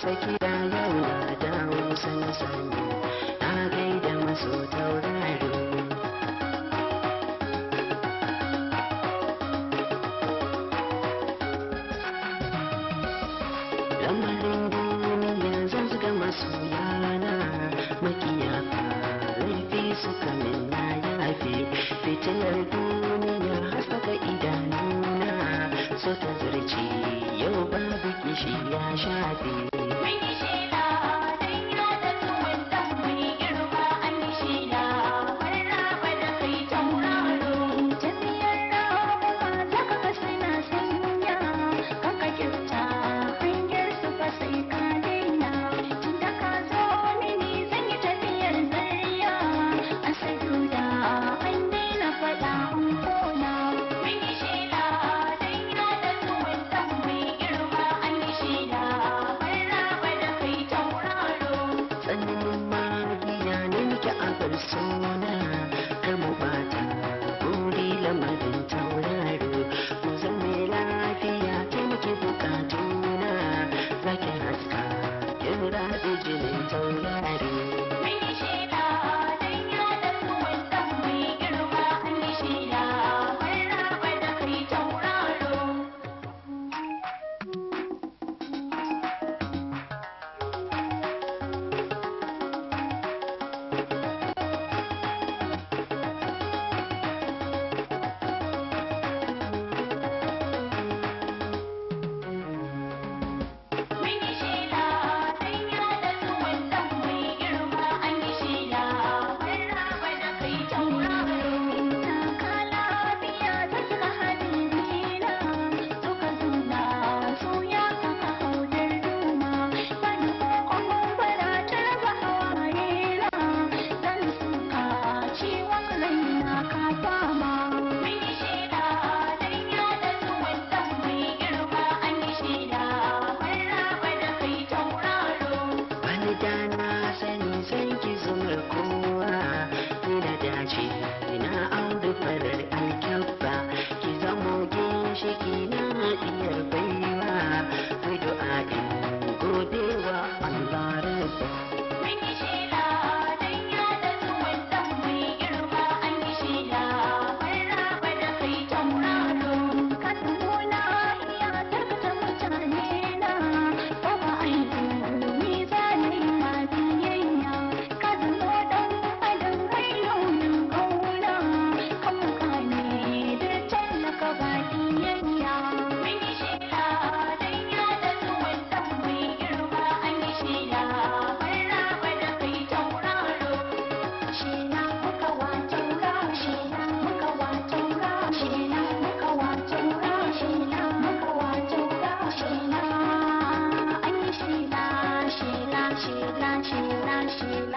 tsakiya yau na dawo san sani na gaida maso tauraro lamarin duniya zan masu masoyana makiya laifi suka min na yafe fitilar duniya saka idanuna so ta zarce yau babu kishi ya shafe like a 那是，那是，